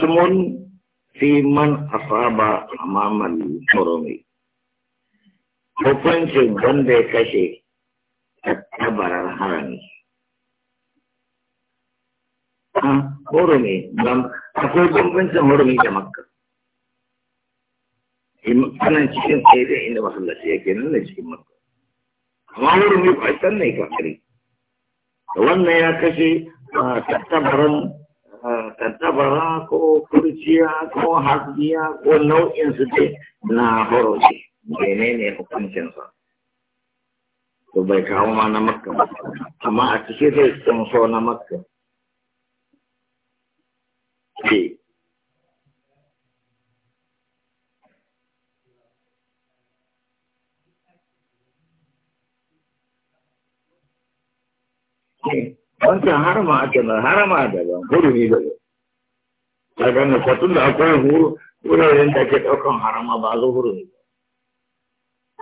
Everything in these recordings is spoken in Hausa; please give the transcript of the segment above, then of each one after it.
فصل في asaba amaman أمام الحرم hukuncin wanda ya kashe tattabarar harami. A hurumi, akwai bambancin hurumi da makka. Anan cikin tsaye da inda masallaci yake nan da cikin makka. Amma hurumi ba can ne kakari. Da wannan ya kashe ah, tattabarar tabara ko kurciya ko hasbiya ko nau'in su ce na ne menene sa? to bai kawo ma na makka ba amma a cike zai kunso na makka ce wancan harama a harama daban ne daban ya gane ko tunda akwai huru wuraren da ke ɗaukan harama ba zo huru ne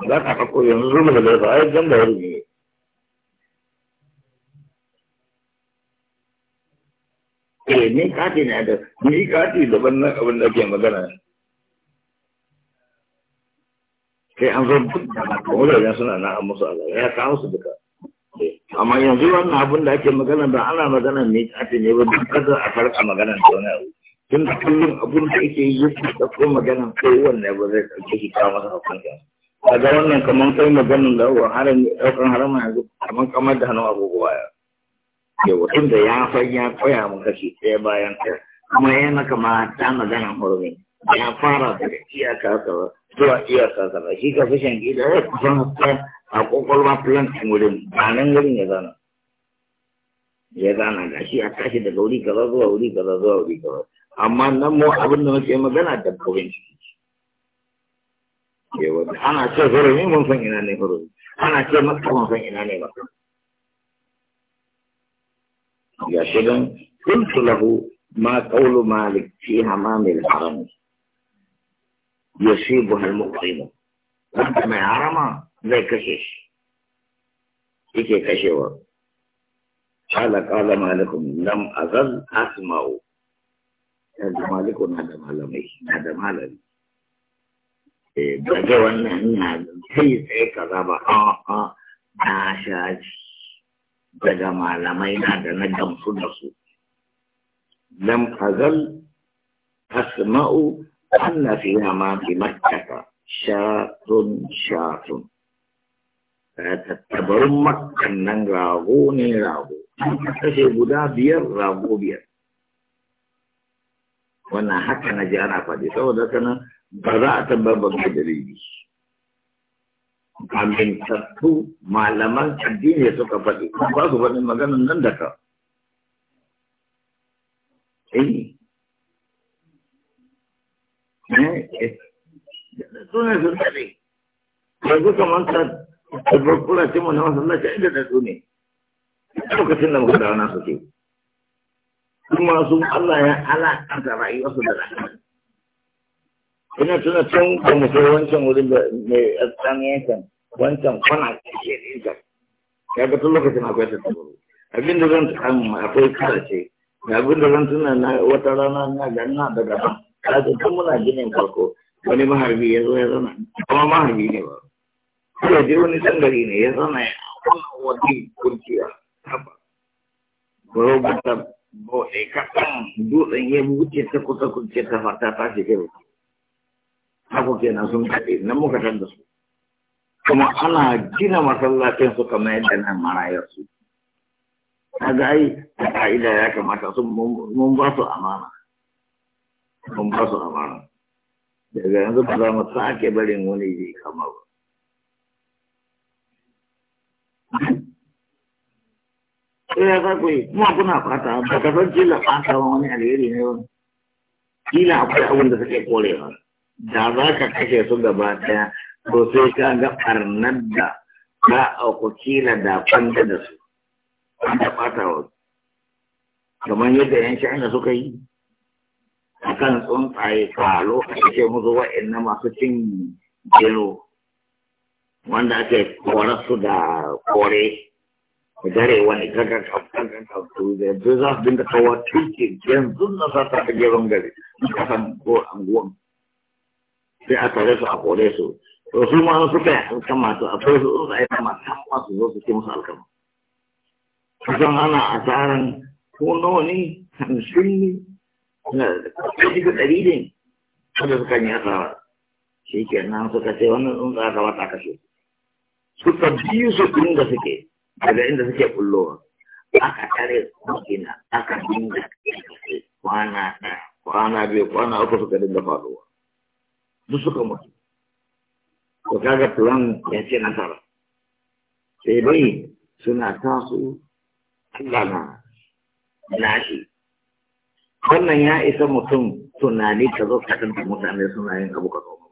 za ka ɗauko yanzu zurmi da zai ai jan da huru ne eh ni kati ne da ni kati daban nan abin da ke magana sai an zo duk da wuraren suna na musu alaƙa ya kawo su duka eh, amma yanzu wannan abin da ake magana ba ana magana ne kati ne ba duk kada a farka magana da wani abu tun da kullum abun da ake yi yake tsakko magana ko wanne ba zai ɗauke shi ta masa hukunta a ga wannan kamar kai maganin da wa haram ɗaukan haramun yanzu kamar kamar da hannu abubuwa ya. yau tun da ya fa ya koya mun kashi ɗaya bayan ɗaya kuma yana kama ta maganan hurumi ya fara daga iyaka saba zuwa iyaka ba. shi ka fi shan gida ya kusan hatta a kwakwalwa filan wurin ba nan wurin ya zana ya zana gashi a tashi daga wuri gaba zuwa wuri gaba zuwa wuri kaza amma nan mu abin da muke magana da dabbobin yawa ana ce hurumi mun san ina ne hurumi ana ce maka mun san ina ne ba. ya shigan kun lahu ma qawlu malik fi hamamil haram yusibuha al-muqim wanda mai harama zai kashe shi yake kashewa قال قال مالكم لم أزل أسمعه yanzu maliku na da malamai na da malami eh, daga wannan na kai tsaye ka zaba a ah, ah, na shaji daga malamai na da na gamsu da su lam azal asma'u anna fiha ma fi makkah shatun shatun eh, tattabarun makkan nan rago ne rago kashe guda biyar rago biyar wannan haka na ji ana faɗi saboda haka nan ba za a tabbabar da dalili amintattu malaman addini suka faɗi ba su faɗin magana nan da ka eh? eh? sune sun daɗe ba kamar ta tabbakula ce mu na masallaci inda da su ne lokacin da muka da wani suke kuma sun Allah ya alaƙanta rayuwarsu da rahama ina tuna can da mutum wancan wurin da mai ɗan yankan wancan kwana kashe nisa ya ga tun lokacin akwai ta tabaro abinda zan tuna akwai karace da abinda zan tuna na wata rana na da na daga ba kaji tun muna ginin farko wani maharbi ya zo ya zana kuma maharbi ne ba kuma je wani sangari ne ya zana ya wani kurciya kuma ko ba bude kaɗan dutsen ya wuce ta kusa kuce ta fata ta shi kai haku kenan sun kaɗe nan muka tar su kuma ana gina masallacin su kamar yadda nan marayar su kaga ai a ya kamata su mun ba su amana mun ba su amana daga yanzu ba za mu sake barin wani je kamar. sai ya ku yi kuma kuna fata ba ka san kila fata wani alheri ne ba kila akwai abin da suke korewa da za ka kashe su gaba daya to sai ka ga barnar da za a ku kila da fanta da su an da fata wa kamar yadda yan da suka yi a kan tsuntsaye falo a ce musu wa'in na masu cin gero wanda ake korar su da kore da dare wani kakan kakan kakan da yanzu za su dinga kawo tuke yanzu na sa ta a geron gari kasan ko anguwan sai a tare su a kore su to su ma yi alkama to akwai su tsuntsaye na musamman su zo su ce musu alkama kusan ana asaran ko nawa ne hamsin ne kai duka ɗari ne kada suka yi asara shi kenan suka ce wannan tsuntsaye kamata a kashe suka biyu su daga inda suke kullowa aka tare makina aka dinga kwana ɗaya kwana biyu kwana uku suka dinga faruwa duk suka mutu to kaga plan ya ce nasara sai dai suna tasu Allah na nashi wannan ya isa mutum tunani ka zo ka kanta mutane suna yin abu ka zo ba.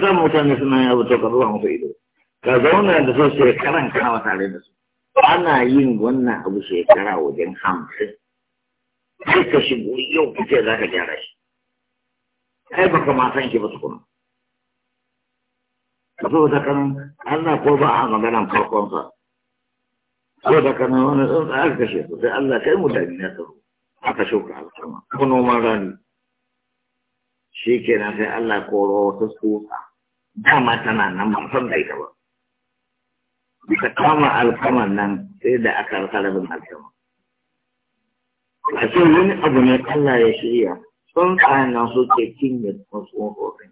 Ka mutane suna yin abu to ka zuwa musu ido. ka zauna da su shekaran kana tare da su ana yin wannan abu shekara wajen hamsin sai ka shigo yau kace za ka gyara shi kai ba ka masan shi ba kuma ka so da kan Allah ko ba a maganan farkon sa ko da kan wani tsuntsa ka kashe su sai Allah kai mutane na tsaro aka shuka alkama ko noman rani shi kenan sai Allah koro ta tsutsa dama tana nan ba san da ita ba Bisa kama alkaman nan sai da aka rasa rabin alkama. A wani abu ne Allah ya shirya, sun kayan nan suke cinye tsohon horin.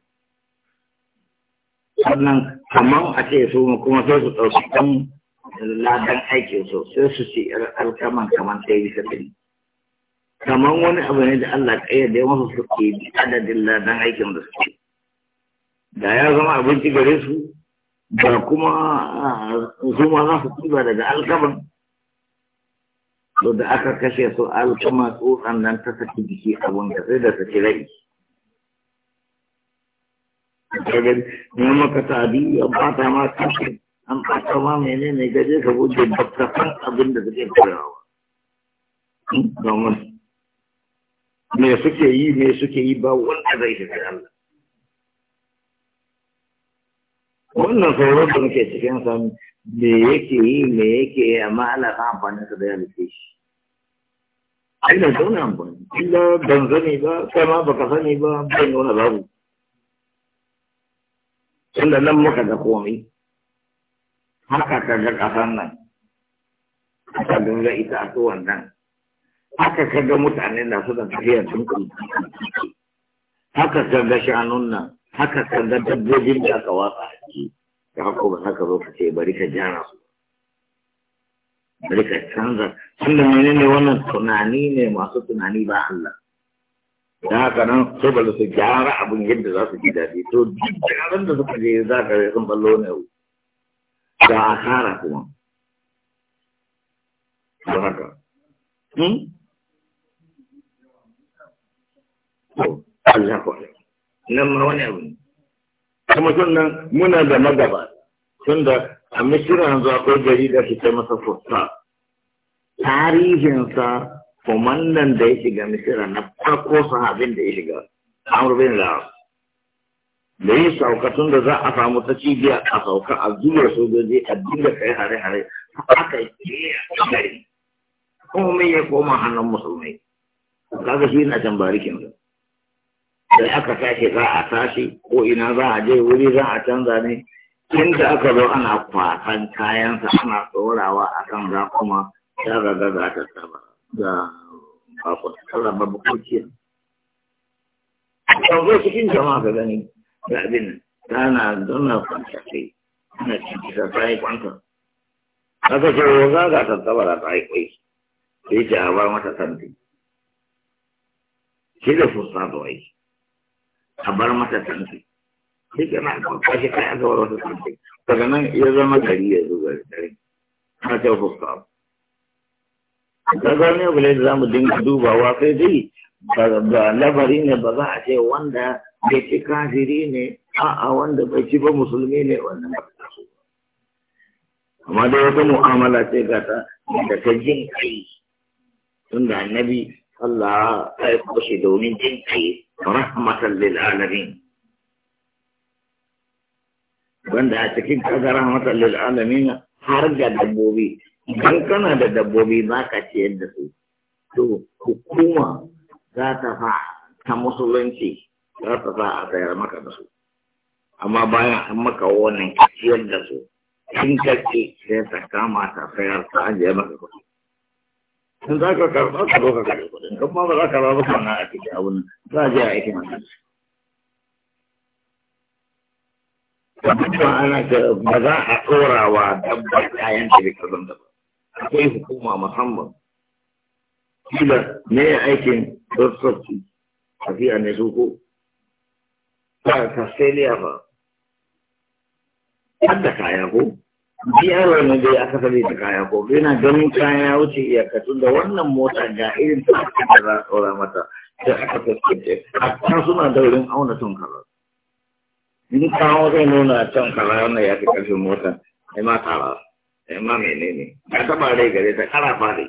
Sannan kamar a ce su kuma sai su ɗauki ɗan ladan aiki su sai su ci alkaman kamar ta yi bisa Kamar wani abu ne da Allah da yawan masu suke adadin ladan aikin da suke. Da ya zama abinci gare su, da kuma ah, su ma za su tuba daga alkaman da aka kashe su alkama tsotsan nan ta saki jiki abun da sai da saki rai kagan ne maka tabi ya bata ma kashe an bata ma ne gaje ka buje bakka abin da suke koyawa hmm, domin me suke yi me suke yi ba wanda zai shiga Allah wannan tsoron da muke cikin san me yake yi me yake yi amma ana ta amfani da ya ke shi Allah da wani amfani illa ban sani ba kai ma baka sani ba ban wani babu tunda nan muka da komai haka ka ga kasan nan haka ga ita a tuwan nan haka ka ga mutane na suna tafiya tun kuma haka ka ga shanun nan haka kan ga dabbobin da aka watsa a ciki da haka ba haka zo ka ce bari ka jana su bari ka canza tunda mene ne wannan tunani ne masu tunani ba Allah da haka nan so ba su gyara abin yadda za su ji daɗi to duk gyaran da suka je za ka sun ballo ne da asara kuma don haka hmm? Allah kwallo nan ma wani abu ne kuma nan muna da magaba tunda a misira yanzu akwai gari da su ce masa fusta tarihinsa nan da ya shiga misira na farko sahabin da ya shiga amur bin la'as da sauka tun da za a samu ta cibiya a sauka a zuwa sojoji a dinga kai hare-hare aka yi a gari kuma ya koma hannun musulmai kaga shi na can barikin da aka tashi za a tashi ko ina za a je wuri za a canza ne inda aka zo ana kwasan kayansa ana tsorawa a kan kuma ta raga za ta saba da kwakwatara ba bukukiya kan zo cikin jama'a ka gani da abin tana donna kwanta sai ana cikin ta ta yi kwanta aka ce wa za ga ta saba da ta yi kwai sai ce a bar mata santi shi da fusta da wai a bar mata tanki shi ke na kashi kai aka bar wata tanki daga nan ya zama gari ya zo gari dare. na ta hukka ta zama yau da za mu dinga dubawa sai dai ba labari ne ba za a ce wanda bai ci kafiri ne a'a wanda bai ci ba musulmi ne wannan ba amma dai wata mu'amala ce ga ta da ta jin kai tunda annabi Allah ya aiko shi domin jin kai رحمة للعالمين wanda a cikin kasar rahmatan lil alamin har da dabbobi idan kana da dabbobi ba ka ciyar da su to hukuma za ta fa ta musulunci za ta fa a tsayar maka da su amma bayan an maka wannan ciyar da su in ka ce sai ta kama ta tsayar ta ajiye maka kuɗi in za ka karɓa ka zo ka karɓi kuɗin kan ma ba za ka sana a cikin abin za a je a aikin kuma ana ba za a ɗorawa dabbar kayan shirikar zanda ba akwai hukuma musamman kila ne aikin tsotsofi tafiya ne su ko ta australia ba har kaya ko biyar wani dai aka sani da kaya ko yana ganin kaya wuce iyaka tun da wannan mota ga irin ta da za a tsora mata da aka fuskance a can suna daurin auna tun kaza in kawo zai nuna can kaza wannan ya fi karfin mota ai ma tara ai ma menene ya taba rai gare ta kara fare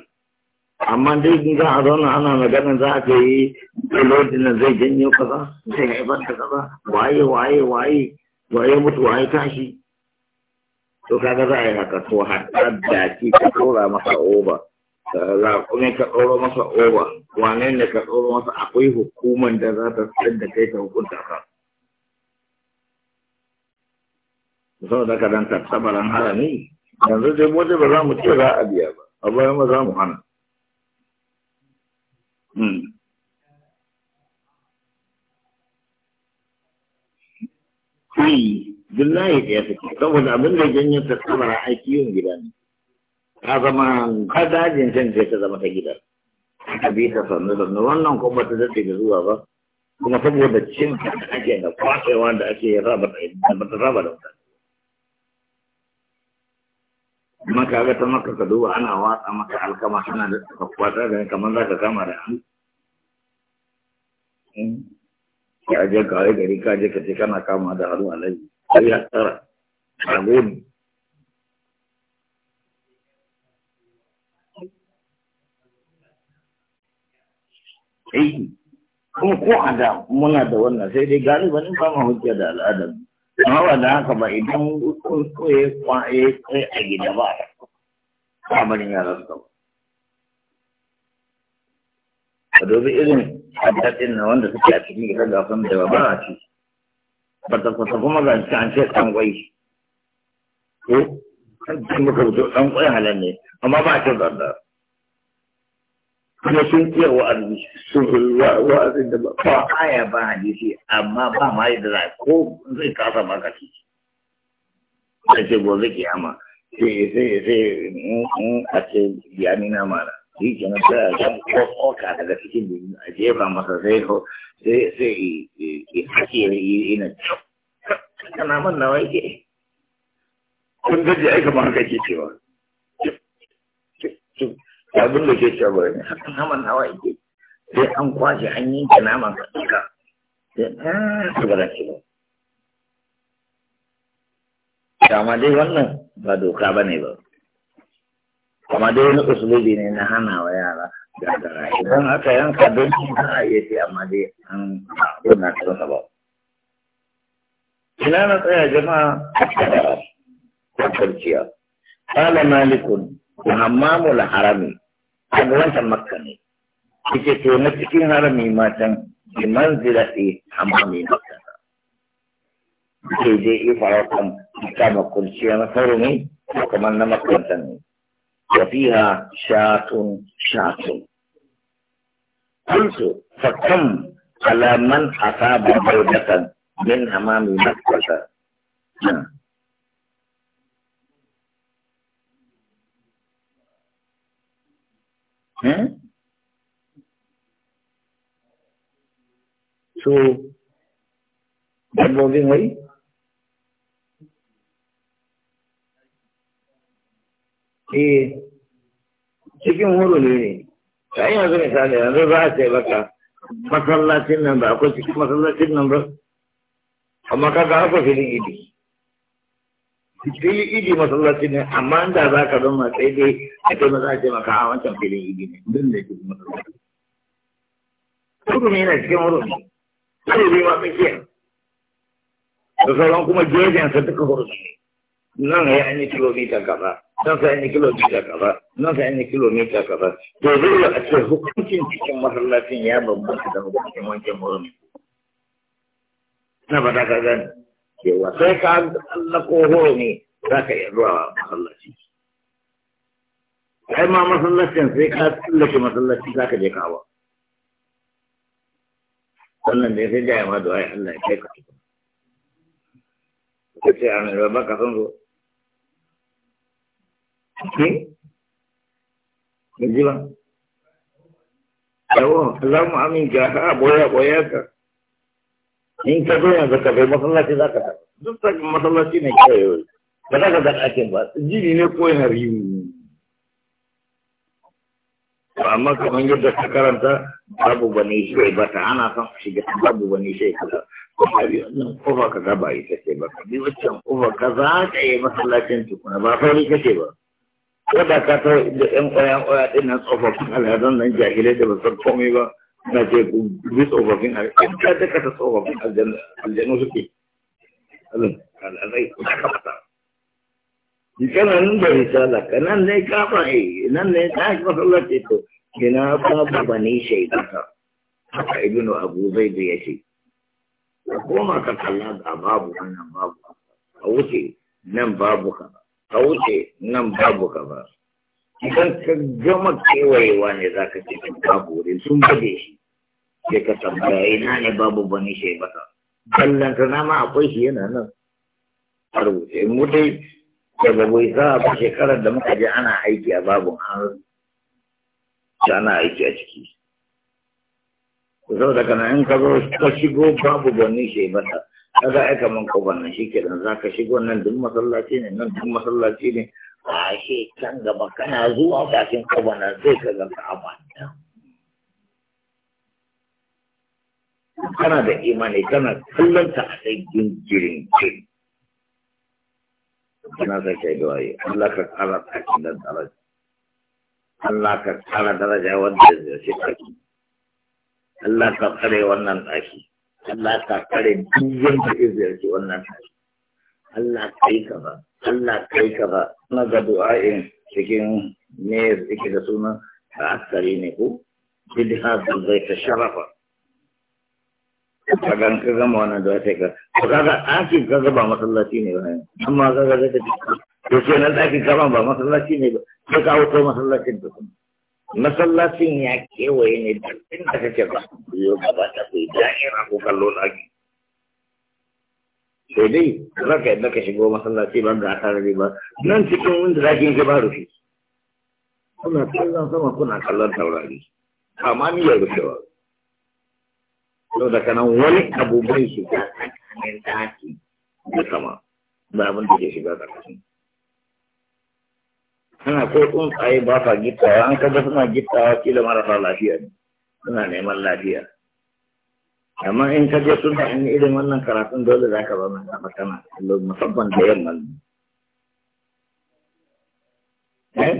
amma dai in za a zauna ana magana za a ce yi eh, lodin zai janyo kaza zai haifar da kaza waye waye waye waye mutu waye tashi to kaga za a yi haka to hatta daki ka tsora masa oba raƙumin ka tsoro masa oba wane ne ka tsoro masa akwai hukuman da za ta tsar da kai ta hukunta ka sau da dan tattabaran harami yanzu dai wajen ba za mu ce za a biya ba a bayan ba za mu hana Hi. Hmm. Hmm. billahi ɗaya suke saboda abin da janyo ta tsamara a kiwon gida ne ta zama ka dajin can ce ta zama ta gida ta bi ta sannu sannu wannan kuma ta dace da zuwa ba kuma saboda cin ta ake da kwashewa da ake raba ta raba da mutane amma ka ga ta maka ka duba ana watsa maka alkama ana da ka kwata da kamar za ka kama da hannu hmm. ka je kawai gari ka je ka ce kana kama da hannu alaji sai ya tsara amin aiki kuma a da muna da wannan sai dai galibanin ba mu hujja da al'adar amma ba haka ba idan ko ya kwaye kai a gida ba a ba barin yaran a dobi irin haddadin na wanda suke a cikin gidan gasan da ba a kwata-kwata kuma ga shi an ce ɗan ƙwai ko sun muka fito ɗan ƙwai halar ne amma ba ta da kuma sun iya wa'azi sun wa'azi da ba aya ba hadisi amma ba ma da za ko zai kasa ba ka ci sai ce gobe kiyama sai sai sai a ce ya shi ke nan ta zan koka daga cikin jini a jefa masa sai sai ke ake yi ina kana man nawa yake kun gaji aika ma haka ke cewa abin da ke cewa ne hakan naman nawa yake sai an kwashe an yanke naman ka duka sai an ah, ba za ba dama dai wannan ba doka ba ne ba amma dai wani usulubi ne na hana wa yara gagara idan aka yanka don za a iya ce amma dai an kuna tsoka ba ina na tsaya jama'a ko kurciya qala malikun hammamul harami an wancan makka ne kike to na cikin harami matan bi manzilati hammami makka ke dai ifa kan kama kurciya na harami ko kamar na makka ne وفيها شاة شاة قلت فكم على من أصاب بودة من أمام مكة So, that was the way. eh cikin hurumi ne ta yanzu misali yanzu za a ce baka masallacin nan ba akwai cikin masallacin nan ba amma ka ga akwai filin idi fili idi masallacin ne amma inda za ka zama sai dai a ce maza ce maka a ah, wancan filin idi ne don da cikin masallacin ne yana cikin hurumi hurumi ma tsakiyar da sauran kuma jejensa duka hurumi nan ya yi kilomita kaza nan sai yi kilomita kaza nan sai yi kilomita kaza to dole a ce hukuncin cikin masallacin ya bambanta da hukuncin wancan wurin na ba ka gani cewa sai ka tsallako hurumi za ka yi zuwa masallaci ai ma masallacin sai ka tsallake masallaci za ka je kawo sannan da ya sai jaya ma da wai Allah ya kai ka ka a mai ba ka san zo ke gajiba za mu amince a boya boya ka in ka zo yanzu ka bai masallaci za da masallaci ne kawai yau ba za ka ga ɗakin ba jini ne ko yana ka karanta babu bane shi bata ta ana son shiga babu bane shi kaza kuma bi wannan kofa ka ga ba ita ce ba bi wancan kofa ka za ka masallacin tukuna ba ba ko da ka ta da yan kwaya kwaya din nan tsofaffin al'adun nan jahilai da ba san komai ba na ce bi tsofaffin al'adun ka da ka ta tsofaffin aljanu suke al'adai ka kamata kana nan da ka nan ne kafa eh nan ne ta shi masallaci to kina babu bane shaidata haka ibnu abu zaid ya ce ka kalla ga babu wannan babu a wuce nan babu ka wuce nan babu gaba idan ka gama kewayewa ne za ka ce babu wurin sun bude shi sai ka tambaya ina ne babu bani shi ba ballan ma akwai shi yana nan a rubuce mu dai daga bai za a shekarar da muka je ana aiki a babu an ana aiki a ciki saboda kana in ka zo ka shigo babu bani shi ba kaga aika kaman kofar nan shi kenan za ka shigo nan duk masallaci ne nan duk masallaci ne a shi can gaba kana zuwa bakin kofar nan zai ka ga ka'aba kana da imani kana kallon ta a sai jinjirin jin kana sai kai da waye Allah ka kara ta nan daraja Allah ka kara daraja wanda zai shi Allah ka kare wannan daki Allah ka kare duk wanda ke ziyarci wannan Allah kai ka ba Allah kai ka ba na ga du'a'in cikin ne yake da suna a askari ne ko bidha da zai ta sharafa ka gan ka gama wannan da sai ka to kaga ɗakin ka ba masallaci ne ba amma kaga zai ta to kenan ɗakin ka ba masallaci ne ba sai ka auto masallacin da kuma masallacin ya kewaye ne duk da kake ba biyo gaba ta kai da'ira ko kallo lagi sai dai za ka yadda ka shigo masallaci da ga tare ba nan cikin wanda zaki yi ba rufi kuna kallon sama kuna kallon taurari amma ni ya rufewa sau da kanan wani abu bai shiga tsakanin daki da sama ba abin da ke shiga tsakanin ana ko tsuntsaye ba sa gittawa an kaga suna gittawa kila marasa lafiya ne suna neman lafiya amma in ka je suna in irin wannan karatun dole za ka zama na makana musamman da yamma eh?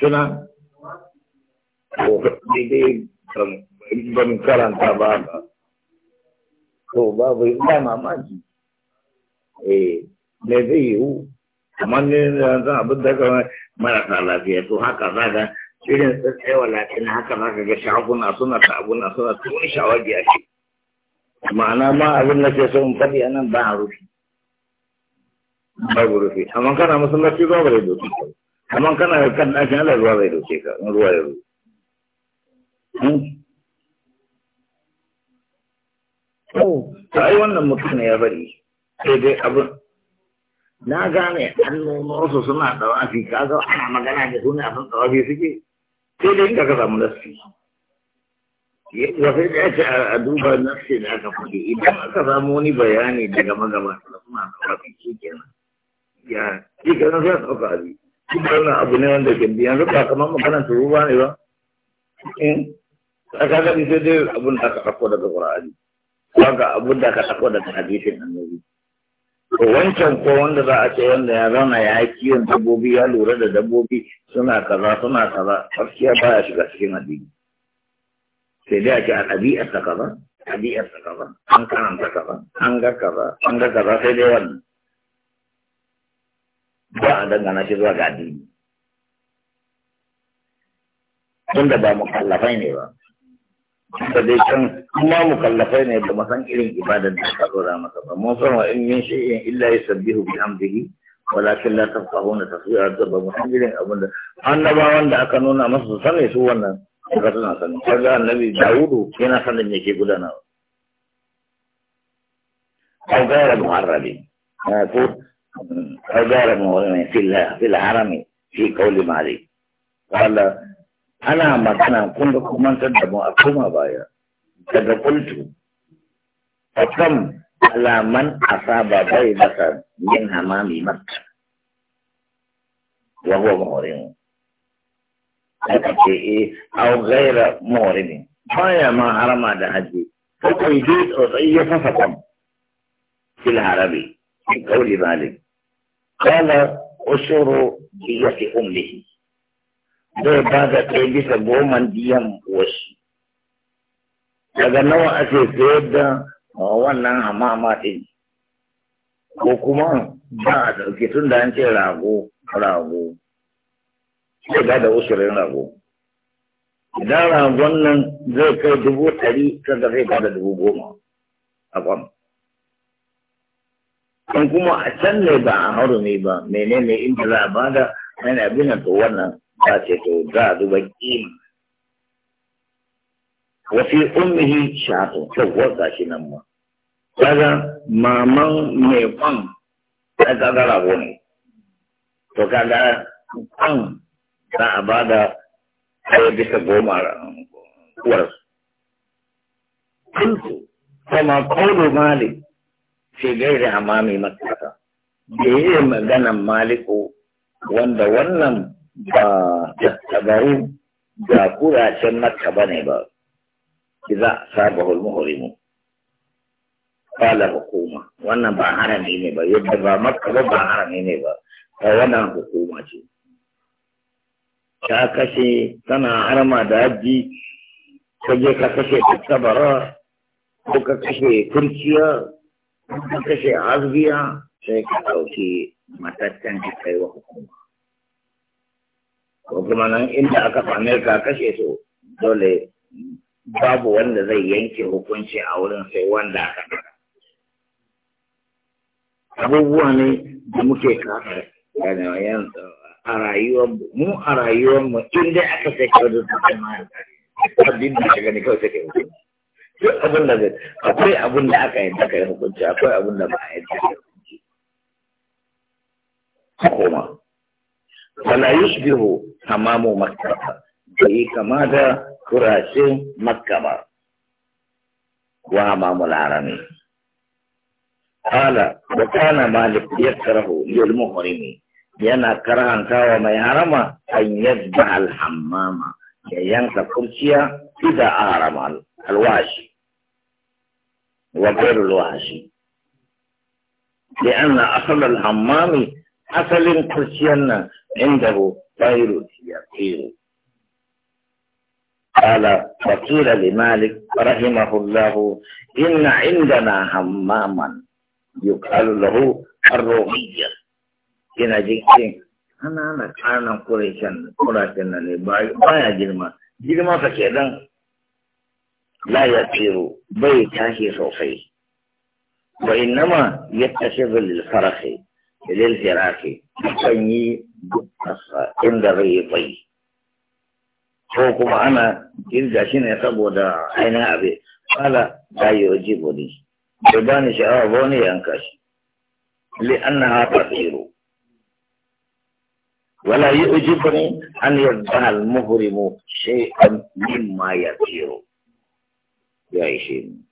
suna ko daidai ban karanta ba ba to babu ba mamaki eh me zai yiwu kamar ne yanzu abin da kawai marasa lafiya to haka za ka irin tsatsewa lafiya na haka za ka ga shaguna suna sabuna suna tuni shawagi a ce ma'ana ma abin da ke so in faɗi a nan ba a rufi babu rufi amma kana masallaci ruwa bai zai doke ka amma kana kan ɗakin ala ruwa zai doke ka in ruwa ya rufe hmm? to ai wannan mutum ne ya bari sai dai abin na gane wasu suna ɗawafi ka zo ana magana da suna sun ɗawafi suke sai dai inda ka samu nassi wasu da ce a duba nassi da aka faɗi idan aka samu wani bayani daga magaba da suna ɗawafi shi kenan ya shi kenan sai a ɗauka abi shi wannan abu ne wanda ke biyan su ba kamar maganar turu ba ne ba in eh, ka ga sai dai abin da aka ɗauko daga ƙwararri ko ga abin da aka ɗauko daga hadisin annabi wancan ko wanda za a ce wanda ya zauna ya yi kiyon dabbobi ya lura da dabbobi suna kaza suna kaza gaskiya ba ya shiga cikin addini sai dai a ce a ɗabi'ar ta kaza ɗabi'ar ta kaza an karanta kaza an ga kaza an ga kaza sai dai wannan ba a dangana shi zuwa ga addini tunda ba mukallafai ne ba da dai can kuma mukallafai ne ba san irin ibadar da aka dora masa ba mun san wa in min shay'in illa yusabbihu bihamdihi walakin la tafqahuna tasbiha da ba mun san irin abin da annabawan da aka nuna masa su sani su wannan kaga suna sani kaga annabi Dawudu yana sanin me ke gudanawa أو غير المعربين أو غير المعربين في الحرم في قول مالك قال ana magana kun da kuma da mu a koma baya daga kuntu fakam alaman asaba bai masa yin hamami mata wa huwa muhrimu aka ce eh au ghaira muhrimi baya ma harama da haji ko kai ji tsotsai ya fasa kam fil harabi kauli malik qala usuru biyati ummihi zai ba da ɗaya bisa goman diyan wasu daga nawa ake sayar da wannan hamama ɗin ko kuma ba a ɗauke tun da an ce rago rago sai ba da usurin rago idan ragon nan zai kai dubu ɗari kaga zai ba da dubu goma a kwan in kuma a can ne ba a harumi ba menene inda za a bada? Mene yana binan to wannan ce to za a duba kima wafi ummihi shato kyauwar gashi nan ma Daga maman mai kwan ta gagara rago to kaga kwan za a ba da ɗaya bisa goma uwar kuntu kama kawo malik ce gaira amami makata da yi maganan maliku wanda wannan ba tattabaru da kuracen makka ba ne ba iza sabahul muhrimu qala hukuma wannan ba harami ne ba yadda ba makka ba ba harami ne ba ta wannan hukuma ce ta kashe tana harma da haji ka je ka kashe tattabara ko ka kashe kurciya ko ka kashe azbiya sai ka ɗauki matattan ka kai wa hukuma ko kuma nan inda aka fa ka kashe su dole babu wanda zai yanke hukunci a wurin sai wanda aka abubuwa ne da muke kafa ganewa yanzu a rayuwar mu a rayuwar mu inda aka sai kawai da na ma abin da shiga ne kawai sai kai hukunci duk abin da zai akwai abin da aka yadda kai hukunci akwai abin da ba a yadda kai hukunci koma فلا يشبه حمام مكة بأي كما ذا كراش مكة وحمام العرمي قال وكان مالك يكره للمحرم ينا كرهن كاو ما يحرم أن يذبح الحمام ينسى كرسيا إذا أحرم الواشي وغير الواشي لأن أصل الحمام حصل كرسينا عنده غير اليقين قال فقيل لمالك رحمه الله ان عندنا هماما يقال له الروحية ان جئت انا انا كان قريشا قراتنا لباي ما يجرم جرم فكيدا لا يطير بيتاه صوفي وانما يتشغل للفرخ lil firashi kan yi inda zai yi bai ko kuma ana da shi ne saboda ainihin abin kala ta yi oji ne bai ba ni sha'awa ba wani yanka shi li na ha tsiro wala yi ujibuni an yadda muhurimu shi an yi ma ya ya shi ne